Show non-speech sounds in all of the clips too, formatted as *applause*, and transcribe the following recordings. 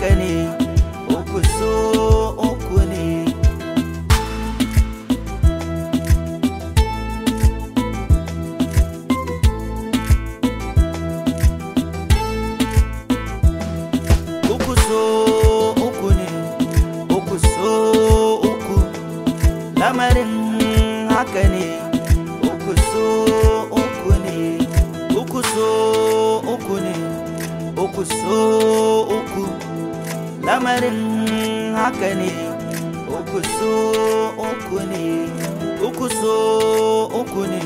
haka ne uku so uku ne uku so uku ne uku so uku lamarin haka ne uku so uku ne uku so uku ne uku so uku lamarin haka ne uku so uku ne uku so uku ne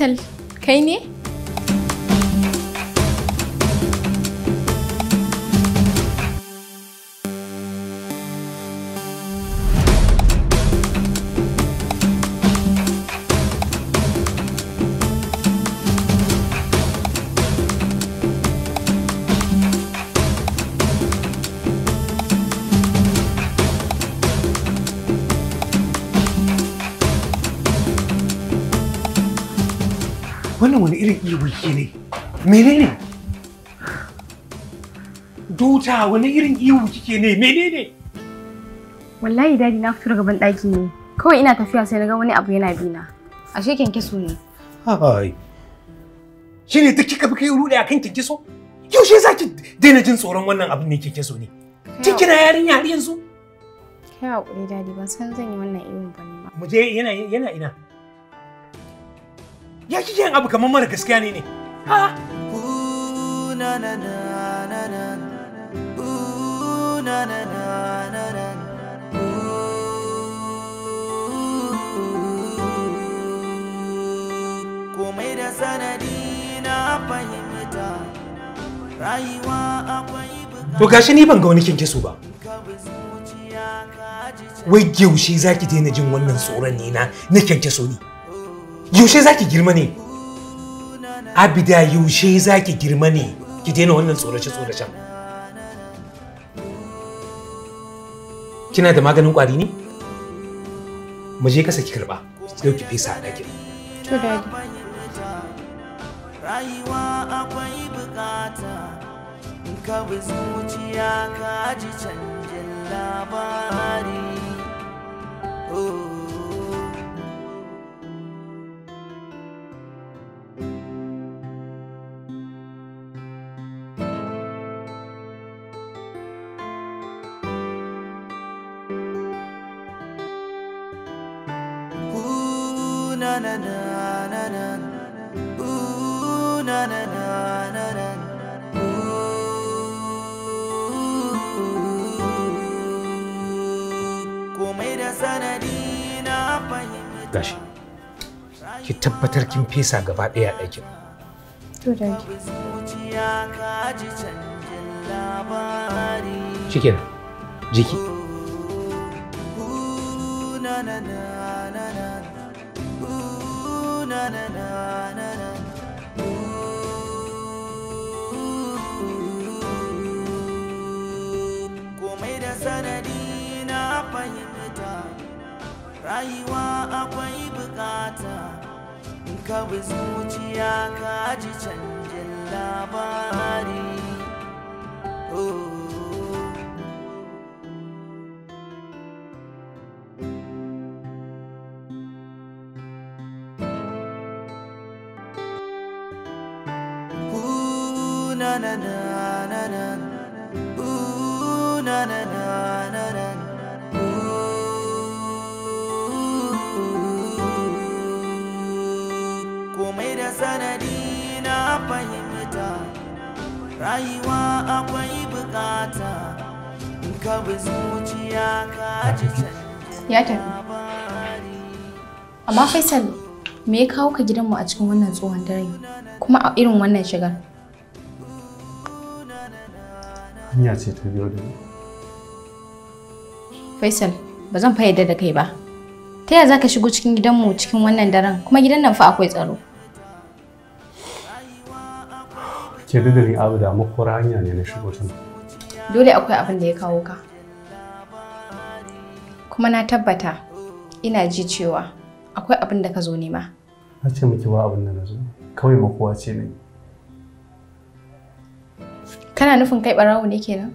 faisal kai ne wannan wani irin iyo ke ne menene Duta wani irin iyo kike ne menene wallahi dadi na fito daga banɗaki ne kawai ina tafiya sai na ga wani abu yana bina ashe kyankyaso ne hai shine duk kika kai rude akan kyankyaso yaushe zaki daina jin tsoron wannan abin ne kyankyaso ne tun kina yarinya har yanzu kai hakuri dadi ban san zan yi wannan iyon ba ne mu je yana yana ina ya kike yin abu kamar mara gaskiya ne ne ha komai da sanadi na to gashi ni ban ga wani kinkisu ba wai yaushe zaki daina jin wannan tsoron ni na na kyanke ni yaushe za ki girma ne abida yaushe za ki girma ne ki daina wannan tsorace-tsoracen kina da maganin kwari ne mu je kasa ki karba yau ki fesa a ɗakin to rayuwa akwai bukata ka bi zuciya ka ji canjin labari oh. gashi ki tabbatar kin fesa gaba ɗaya a ɗakin to da ki jiki na na na na na na na na rayuwa akwai bukata in ka bi zuciya ka ji canjin labari oh. sanadi na fahimta rayuwa akwai bukata in ka bi zuciya ka ji ya tafi amma faisal me ya kawo ka gidanmu a cikin wannan tsohon dare kuma a irin wannan shigar hanya ce ta biyo da faisal ba zan fayyada da kai ba ta yaya za ka shigo cikin gidanmu cikin wannan daren kuma gidan nan fa akwai tsaro ki da ni abu da makwara hanya ne na shigo tun dole akwai abin da ya kawo ka kuma na tabbata ina ji cewa akwai abin da ka zo nema na ce miki ba abin da na zo kawai makowa ce ne kana nufin kai barawo ne kenan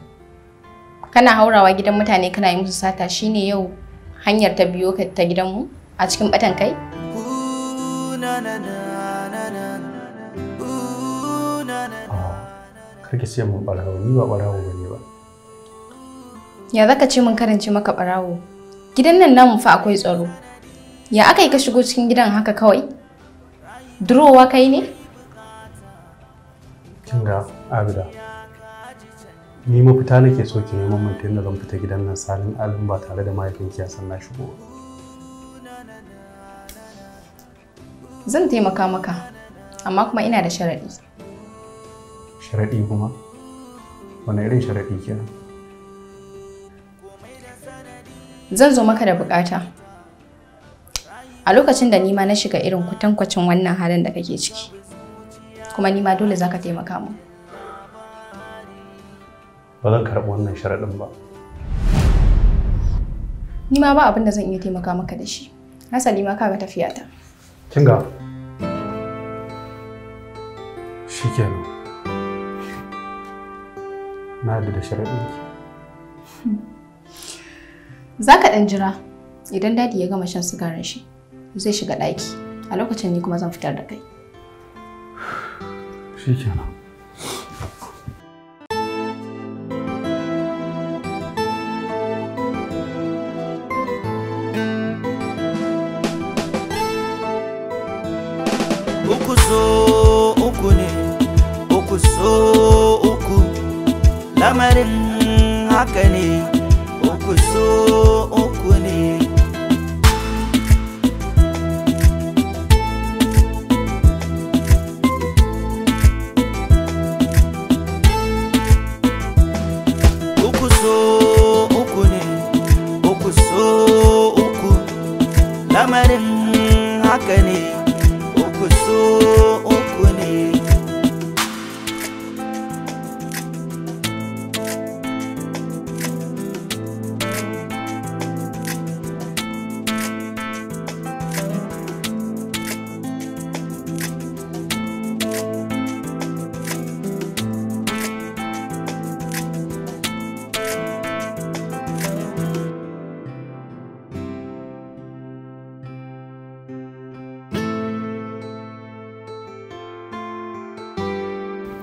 kana haurawa gidan mutane kana yi musu sata shine yau hanyar ta biyo ta gidanmu a cikin batan kai na na na na na Karki ce mun ɓarawo, ni ba ɓarawo bane ba. Ya zaka ce mun karance maka ɓarawo? Gidan nan namu fa akwai tsaro. Ya aka yi ka shigo cikin gidan haka kawai? Durowa kai ne? Kinga, Abida. Ni mafita nake so ki neman mun ta zan fita gidan nan salin alin ba tare da mahaifinki ya san na shigo Zan taimaka maka, amma kuma ina da sharaɗi. sharaɗi kuma wani irin sharaɗi kenan zan zo maka da bukata a lokacin da nima na shiga irin kutankwacin wannan halin da kake ciki kuma nima dole za ka taimaka mu ba zan karɓi wannan sharaɗin ba nima ba abin da zan iya taimaka maka da shi hasali ma kaga tafiyata kinga shikenan na da sharaɗin ki za ka ɗan jira idan dadi ya gama shan sigarin shi zai shiga ɗaki a lokacin ni kuma zan fitar da kai Shikenan.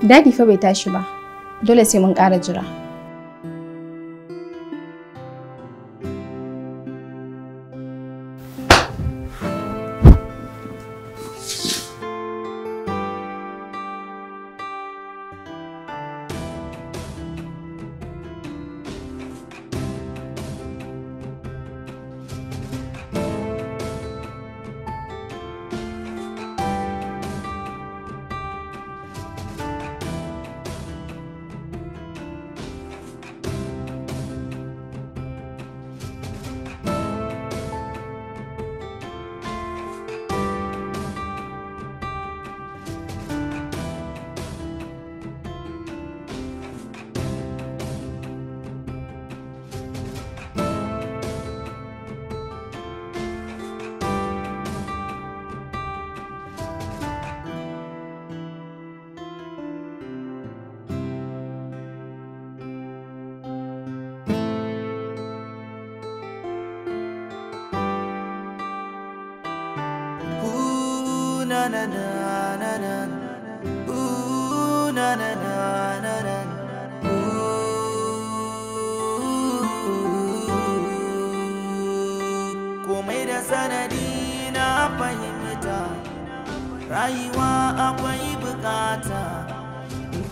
Dadi fa bai tashi ba, dole sai mun ƙara jira.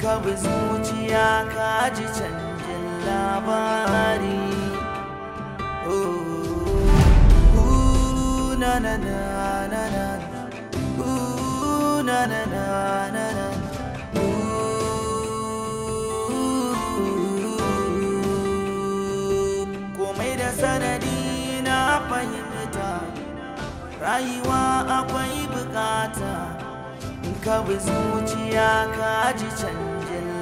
ka bi zuciya ka ji canjin labari Komai da sanadi na fahimta rayuwa akwai bukata in ka bi zuciya ka ji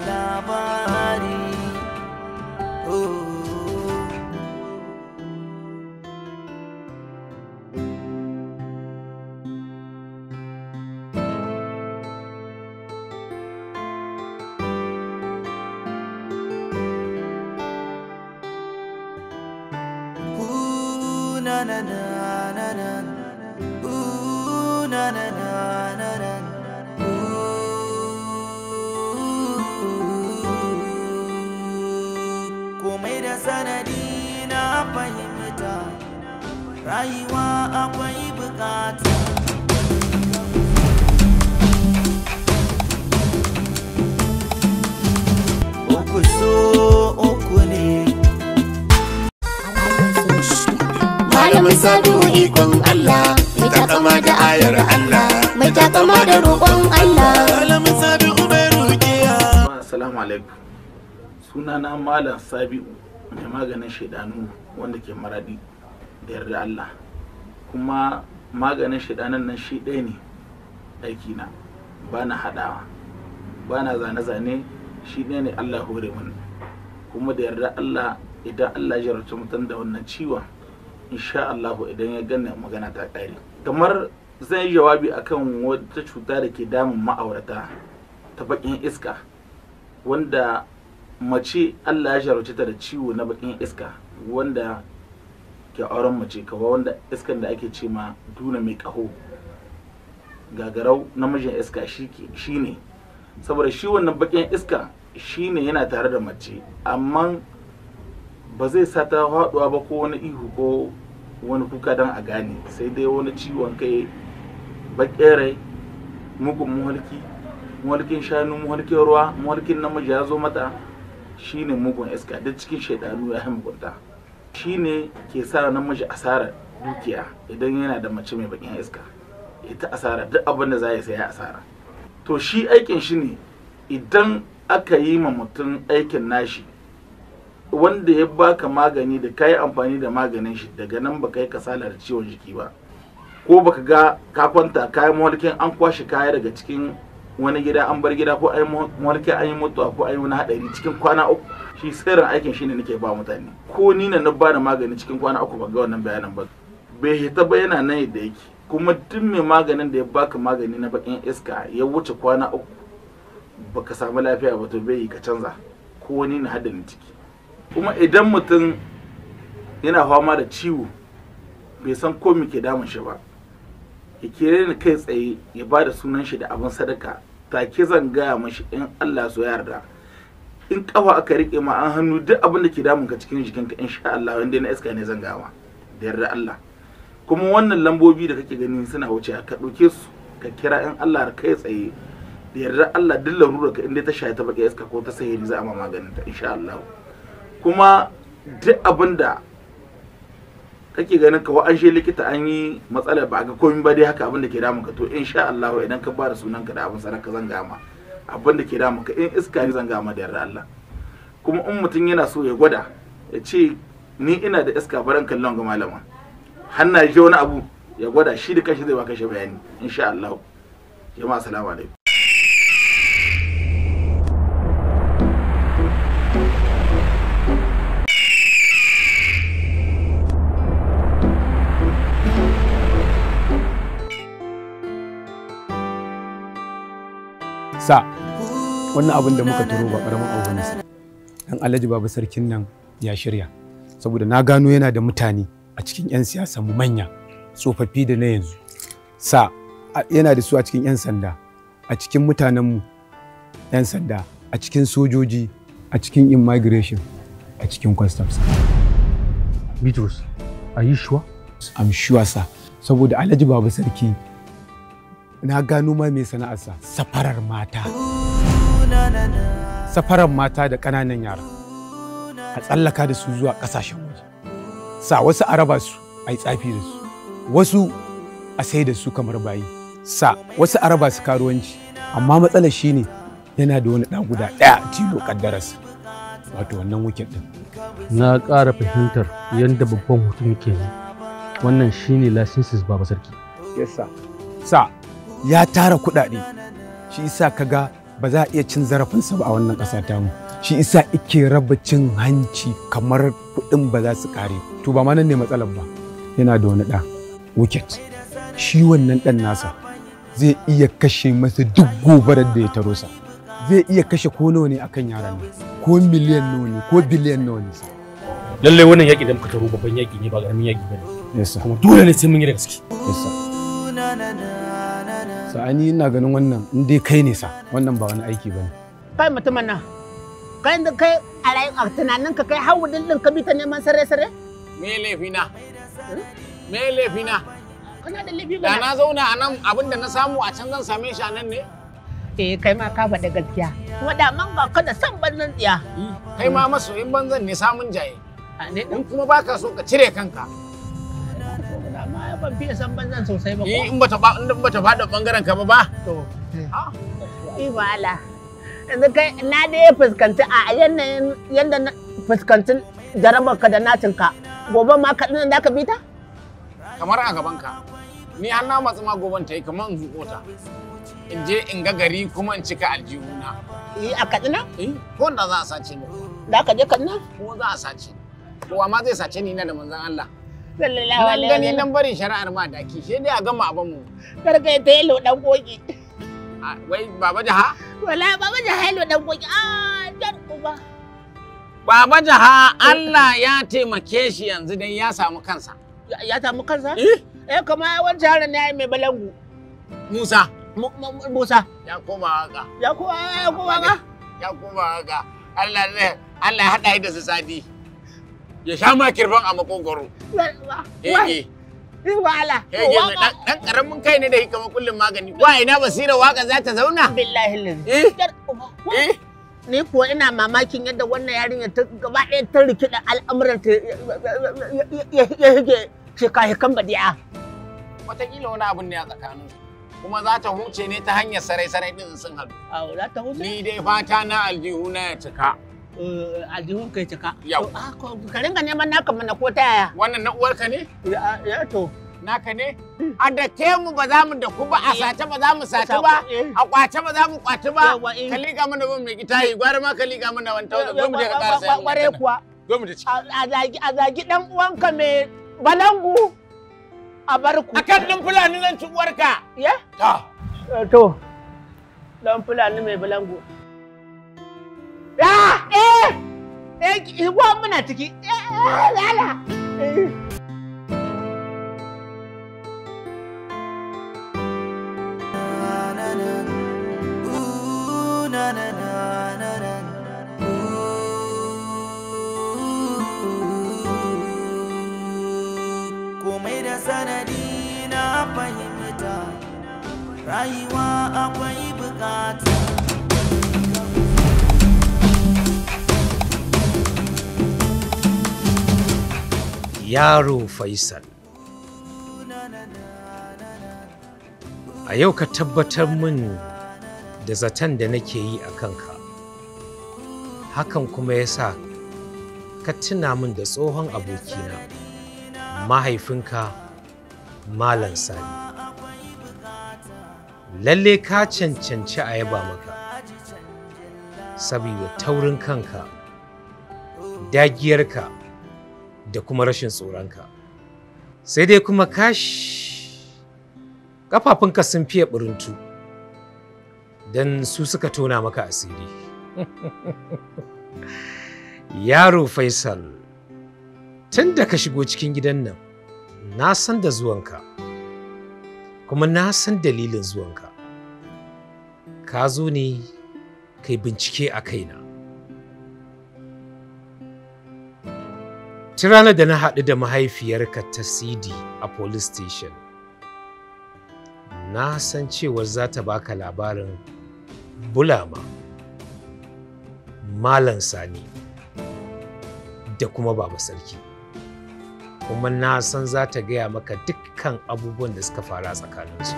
labari oh. rayuwa akwai bukata uku so uku ne malamin sadu ikon Allah mai takama da ayar Allah mai takama da roƙon Allah malamin sadu mai rukiya assalamu alaikum sunana malam sabiu mai maganin shaidanu wanda ke maradi yarda Allah kuma maganin shaidanan nan shi ɗaya ne aiki na ba na haɗawa ba na zane-zane shi ɗaya ne Allah hore mun kuma da yarda Allah idan Allah ya jarabta mutum da wannan ciwon insha Allah idan ya ganna magana ta ƙare kamar zan yi jawabi akan wata cuta da ke damun ma'aurata ta bakin iska wanda mace Allah ya jarabce ta da ciwo na bakin iska wanda ke auren mace kaba wanda iskan da ake ce ma duna mai kaho gagarau namijin iska shi ne saboda shi wannan bakin iska shi ne yana tare da mace amma ba zai sa ta haɗuwa ba ko wani ihu ko wani kuka dan a gane sai dai wani ciwon kai bakin rai mugun muhalki muhalkin shanu muhalkin ruwa muhalkin namiji ya zo mata shine mugun iska duk cikin shaidanu ya mugunta Shi ne ke sa namiji asara dukiya idan yana da mace mai bakin iska ita asara duk abin da za ya saya asara to shi aikin shi ne idan aka yi ma mutum aikin nashi wanda ya baka magani da kayi amfani da maganin shi daga nan baka yi kasala da ciwon jiki ba ko baka ga ka kwanta kayan mawalkin an kwashe kaya daga cikin wani gida an bar gida ko a yi an yi mutuwa ko a yi wani haɗari cikin kwana uku shi sirrin aikin shine nake ba mutane ko ni na na bada magani cikin kwana uku ban ga wannan bayanan ba bai hita ba yana nan yadda yake kuma duk mai maganin da ya baka magani na bakin iska ya wuce kwana uku baka samu lafiya ba to bai ka canza ko wani na haɗarin ciki kuma idan mutum yana fama da ciwo bai san ko me ke damun shi ba ya kere ni kai tsaye ya bada sunan shi da abin sadaka take zan gaya mashi in Allah so yarda in kafa aka rike ma an hannu duk abin da ke damun ka cikin jikinka insha Allah wanda na iska ne zan gawa da yarda Allah kuma wannan lambobi da kake gani suna wuce ka ɗauke su ka kira in Allah ka kai tsaye da yarda Allah duk larura ka inda ta shaye ta baka iska ko ta sayi za a ma maganin ta insha Allah kuma duk abin da kake ganin ka an shi likita an yi matsala ba ga komai ba dai haka abin da ke damun ka to insha Allah idan ka bada sunan ka da abin sanar ka zanga ma abin da ke damun ka in iska ne zanga ma da yarda Allah kuma in mutum yana so ya gwada ya ce ni ina da iska baran kallon ga malama hanna wani abu ya gwada shi da kashi zai ba shi bayani insha Allah jama'a assalamu alaikum sa wannan abin da muka turo ba karamin abu ne dan alhaji baba sarkin nan ya shirya saboda na gano yana da mutane a cikin 'yan siyasa mu manya tsofaffi da na yanzu sa yana da su a cikin 'yan sanda a cikin mutanenmu 'yan sanda a cikin sojoji a cikin immigration a cikin customs bitrus are you sure i'm sure Sir. saboda alhaji baba sarki na gano ma mai sana'arsa safarar mata safarar mata da ƙananan yara a tsallaka da su zuwa ƙasashen waje sa wasu a raba su a yi tsafi da su wasu a sai da su kamar bayi sa wasu a raba su karuwanci amma matsalar shi ne. yana da wani ɗan guda ɗaya tilo ƙaddararsa wato wannan wicket ɗin na ƙara fahimtar yadda babban mutum ke wannan shi ne lasinsis baba sarki yes sir sa ya tara kuɗaɗe shi isa kaga ba za a iya cin zarafinsa ba a wannan ƙasa mu. shi isa ike raba cin hanci kamar kuɗin ba za su ƙare to ba ma nan ne matsalar ba yana da wani ɗa wicket shi wannan ɗan nasa zai iya kashe masa duk gobarar da ya taro sa zai iya kashe ko nawa ne akan yaran nan ko miliyan nawa ne ko biliyan nawa ne lallai wannan yaƙi da muka taro babban yaƙi ne ba ƙaramin yaƙi ba ne kuma dole ne sai mun yi da gaske yes sir sa'ani ina ganin wannan in dai kai ne sa wannan ba wani aiki bane kai mutumin nan kai da kai a rayu a tunanin ka kai hawo din din ka bi ta neman sare sare me na hmm? me na kana da laifi ba na zauna a nan abinda na samu a can zan same shi a nan ne eh kai ma ka faɗa gaskiya kuma da man ba ka da san banzan tsiya hmm. kai ma masoyin banzan ne samun jaye in kuma baka so ka cire kanka ban fiye san banzan sosai ba ko in bata ba in bata fada ka ba ba to eh ah. wala yanzu kai na dai fuskanci a yanayin yanda na fuskanci jarabar ka da nacin ka gobe ma ka dinan da ka bi ta kamar a gaban ka ni har na matsa ma goben ta yi kamar in zuƙo ta in je in ga gari kuma in cika aljihuna eh a kadina eh ko da za a sace ni da ka je kadina ko za a sace kowa ma zai sace ni na da manzon Allah sallallahu alaihi wasallam nan nan bari shari'ar ma daki sai dai a gama abin mu karkai ta yalo dan koki wai baba jaha wala baba jaha yalo dan koki a dan uba baba jaha Allah ya taimake shi yanzu dai ya samu kansa ya samu kansa eh, eh kamar wancan yaron ne mai balangu Musa Musa ya koma haka ya koma ya koma haka ya koma haka Allah ne Allah ya hada da su sadi ya sha ma kirban a makogoro. Hege. Wala. Hege mai ɗan ƙaramin kai ne da hika kullum magani. Wa ina basira waka za ta zauna? Billahi lillahi. Eh? eh? Ni kuwa ina mamakin yadda wannan yarinya ta gaba ɗaya ta rikida al'amuran ta ya hige shekahikan badiya. Wataƙila wani abun ne a tsakanin kuma za ta huce ne ta hanyar sarai-sarai ɗin sun haɗu. Ni dai fata na aljihu na ya cika. A eh, aljihun kai cika. Yau. Ah, ka ringa neman naka mana ko ta yaya. Wannan na uwarka ne? Ya ah, to. Naka ne? A da mu ba za mu da ku ba, a sace ba za mu sace ba, eh. a kwace ba za mu kwace ba, eh. ka liga mana bin mai gitayi, gwara ma ka liga mana wani tauna, zo mu je ka ƙara sayan Kware kuwa. Zo mu je ciki. A zagi ɗan uwanka mai balangu a bar ku. A kan ɗan fulani nan ci uwarka. Ya? Ta. To, ɗan fulani mai balangu. Ah! Eh, ruwan eh, muna ciki. Eh, eh, eh lala. yaro faisal a yau ka tabbatar min da zaton da nake yi a kanka hakan kuma ya sa ka tuna min da tsohon abokina mahaifinka malam sani lalle ka cancanci a yaba maka saboda taurin kanka dagiyarka da kuma rashin tsoronka. Sai dai kuma kash Kafafunka sun fiye buruntu don su suka tona maka asiri. *laughs* Yaro Faisal, tun da ka shigo cikin gidan nan, na san da zuwanka, kuma na san dalilin zuwanka. Ka zo ne kai bincike a kaina. Tun ranar da na haɗu da mahaifiyarka ta CD a police station, na san cewa za ta baka labarin bulama, malan sani da kuma baba sarki. Kuma na san za ta gaya maka dukkan abubuwan da suka fara tsakaninsu.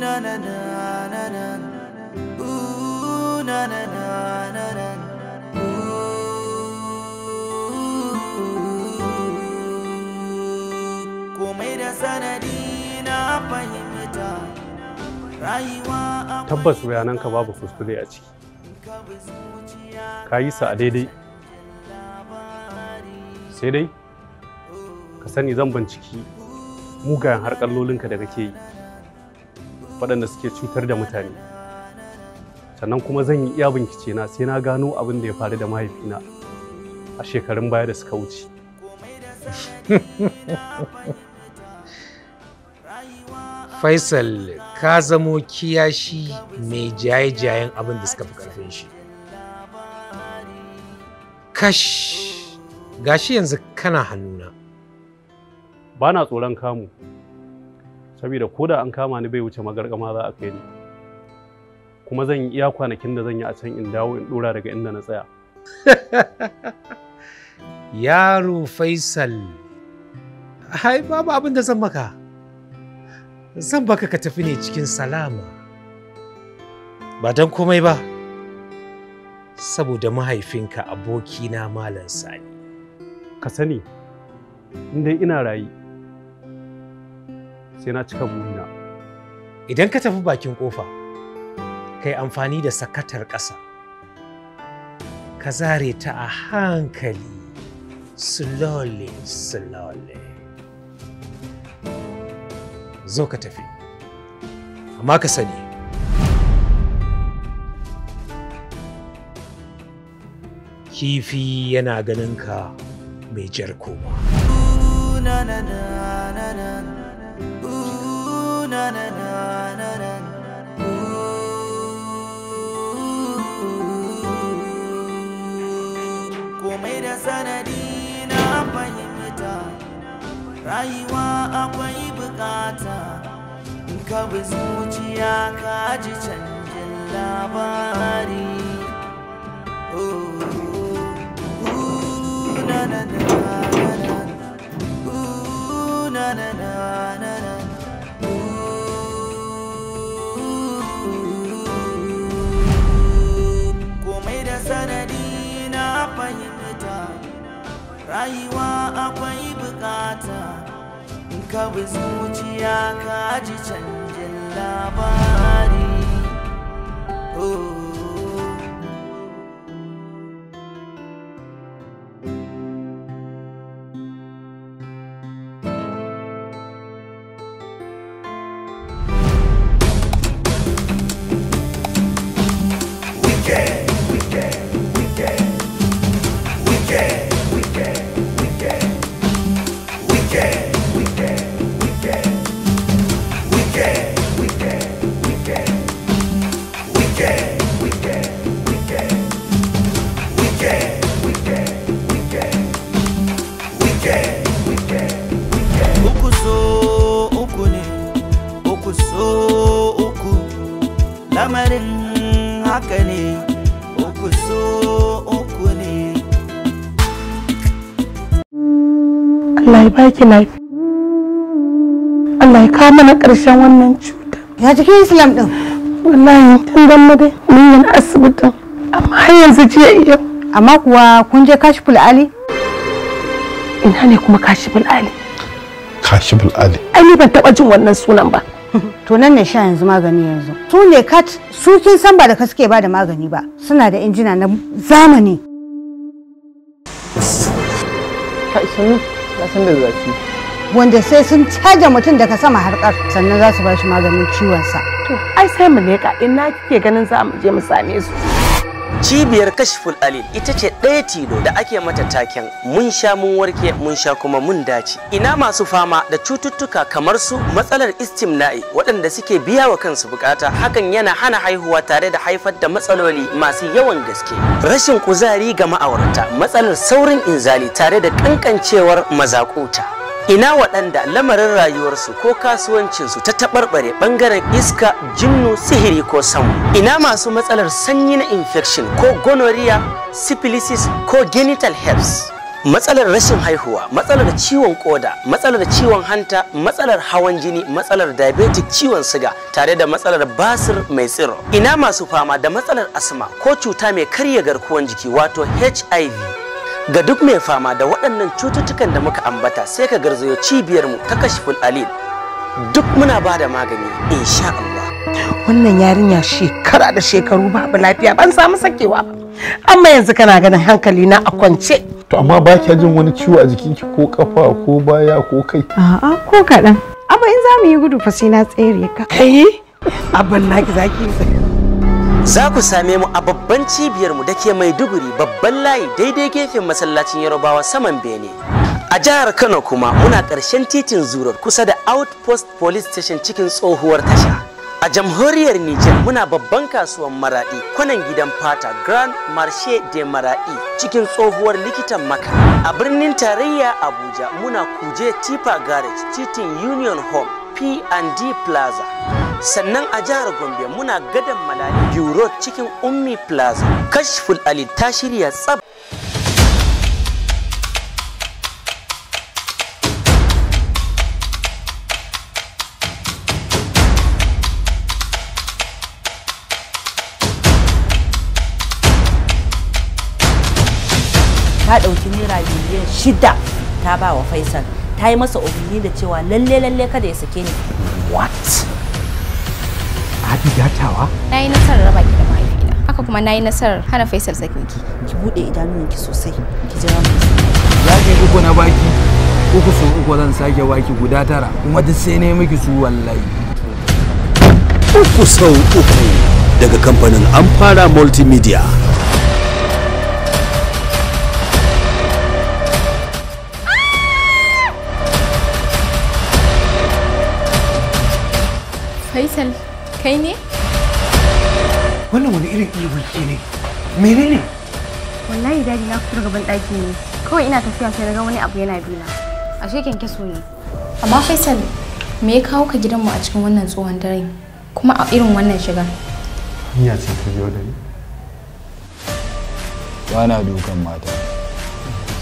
na na na na na na na na na na sanadi na fahimta rayuwa babu kuskure a ciki ka yi sa a daidai sai dai ka sani zan binciki mugayen harƙallolinka da kake yi waɗanda suke cutar da mutane sannan kuma zan yi iya bincike na sai na gano abin da ya faru da mahaifina a shekarun baya da suka wuce *laughs* faisal ka zamo kiyashi mai jaye-jayen abin da suka fi karfin shi kash gashi yanzu kana hannuna ba na tsoron kamu saboda ko da an kama ni bai wuce magargama za a kai ni kuma zan yi iya kwanakin da zan yi a can in dawo in dora daga inda na tsaya *laughs* yaro faisal hai babu abin da zan maka zan baka ka tafi ne cikin salama ba don komai ba saboda mahaifinka abokina malam sani ka sani inda ina rayu sai na cika burina idan ka tafi bakin kofa kai amfani da sakatar ƙasa ka zare ta a hankali slowly slowly zo ka tafi amma ka sani kifi yana ganin ka mai jar koma rayuwa akwai bukata in ka bi zuciya ka ji canjin labari ka zuciya ka ji canjin labari oh. baki life. Allah ya kawo mana ƙarshen wannan cuta ya jike islam din wallahi tun dan mu dai mun yi asibitin amma har yanzu jiya iya amma kuwa kun je kashiful ali ina ne kuma kashiful ali kashiful ali ai ni ban taba jin wannan sunan ba *laughs* to nan ne sha yanzu magani yanzu su ne kat su kin san ba da ka suke ba da magani ba suna da injina na zamani ya da zaki wanda sai sun caja mutum daga sama harkar sannan za su ba shi maganin ciwon sa to ai sai mu leka ina kike ganin za mu je mu same su cibiyar kashful alil ita ce ɗaya tilo da ake mata taken mun sha mun warke mun sha kuma mun dace ina masu fama da cututtuka kamar su matsalar istimna'i waɗanda suke biya wa kansu bukata hakan yana hana haihuwa tare da haifar da matsaloli masu yawan gaske rashin kuzari ga ma'aurata matsalar saurin inzali tare da kankancewar mazakuta ina waɗanda lamarin rayuwarsu ko kasuwancinsu ta taɓarɓare ɓangaren iska jinnu sihiri ko samu ina masu matsalar sanyi na infection ko gonorrhea syphilis ko genital herpes matsalar rashin haihuwa matsalar ciwon koda matsalar ciwon hanta matsalar hawan jini matsalar diabetic ciwon siga tare da matsalar basir mai tsiro ina masu fama da matsalar asma ko cuta mai karya garkuwan jiki wato hiv Ga duk mai fama da waɗannan cututtukan da muka ambata sai ka garzayo cibiyarmu ta kashiful alil. Duk muna ba da magani insha Allah. Wannan yarinya shekara da shekaru babu lafiya ban samu sakewa ba. Amma yanzu kana ganin hankali na a kwance. To amma ba kya jin wani ciwo a jikinki ko kafa ko baya ko kai? A'a ko kaɗan. Abba in za mu yi gudu fa sai na tsere ka. Kai? Abban naki zaki yi za ku same mu a babban cibiyarmu da ke maiduguri babban layi daidai gefen masallacin yarobawa saman bene a jihar kano kuma muna ƙarshen titin zurar kusa da outpost police station cikin tsohuwar tasha a jamhuriyar niger muna babban kasuwar maradi kwanan gidan fata grand Marché de maradi cikin tsohuwar likitan maka a birnin tarayya abuja muna kuje tipa garage titin union home p&d plaza sannan a jihar gombe muna gadan malali Road cikin ummi plaza kashful ali ta shirya tsab ta ɗauki naira miliyan shida ta ba wa faisal ta yi masa umarni da cewa lalle lalle kada ya sake ni what gatawa na yi nasarar raba ki da mahaifina haka kuma na yi nasarar hana faisal sakin ki ki bude idanunki sosai ki jira mu Ya ki uku na baki uku su uku zan sake waki guda tara kuma duk sai ne miki su wallahi uku sau uku daga kamfanin amfara multimedia Faisal kai ne wannan wani irin iwulki ne ne? wallahi daji na fito gaban ɗaki ne kawai ina tafiya sai daga wani abu yana bina ashe kiso ne amma faisal me ya kawo ka gidanmu a cikin wannan tsohon dare kuma a irin wannan shiga. hanya ce ta biyo da ni ba na dukan mata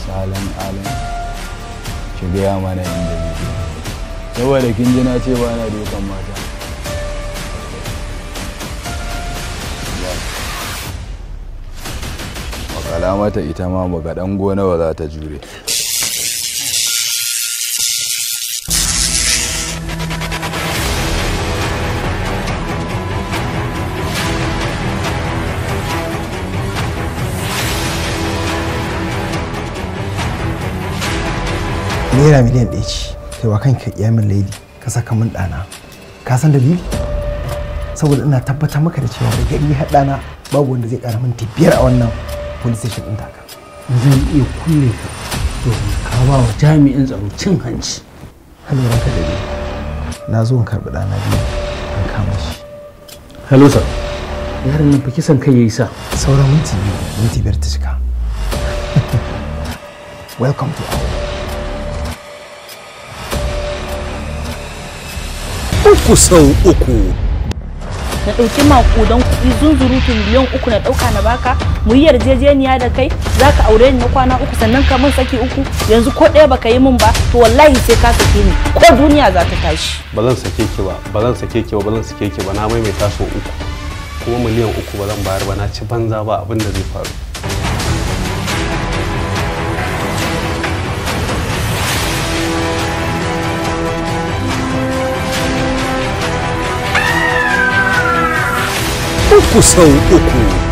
Salam Alam. ki gaya mana inda ne saboda kin ji na ce ba na dukan mata faɗa mata ita ma mu ga ɗan gona ba za ta jure naira miliyan ɗaya ce kai wa kanka min laidi ka saka min ɗana ka san dalili saboda ina tabbatar maka da cewa da gari ɗana babu wanda zai ƙara min biyar a wannan police ɗin taka zan iya kulle ka domin ka ba wa jami'in tsaro cin hanci halora ka dare na zo in karɓi ɗana biyu an kama shi hello sir yaron nan fa kisan kai yayi sa sauran minti biyu minti biyar ta cika *laughs* welcome to our uku sau uku na ɗauki maƙudan kuɗi zunzurutun miliyan uku na ɗauka na baka mu yi yarjejeniya da kai za ka aure ni na kwana uku sannan ka min saki uku yanzu ko ɗaya baka yi min ba to wallahi sai ka saki ni ko duniya za ta tashi ba zan sake ki ba ba zan sake ki ba ba zan sake ki ba na maimaita sau uku kuma miliyan uku ba zan bayar ba na ci banza ba abin da zai faru uku sau uku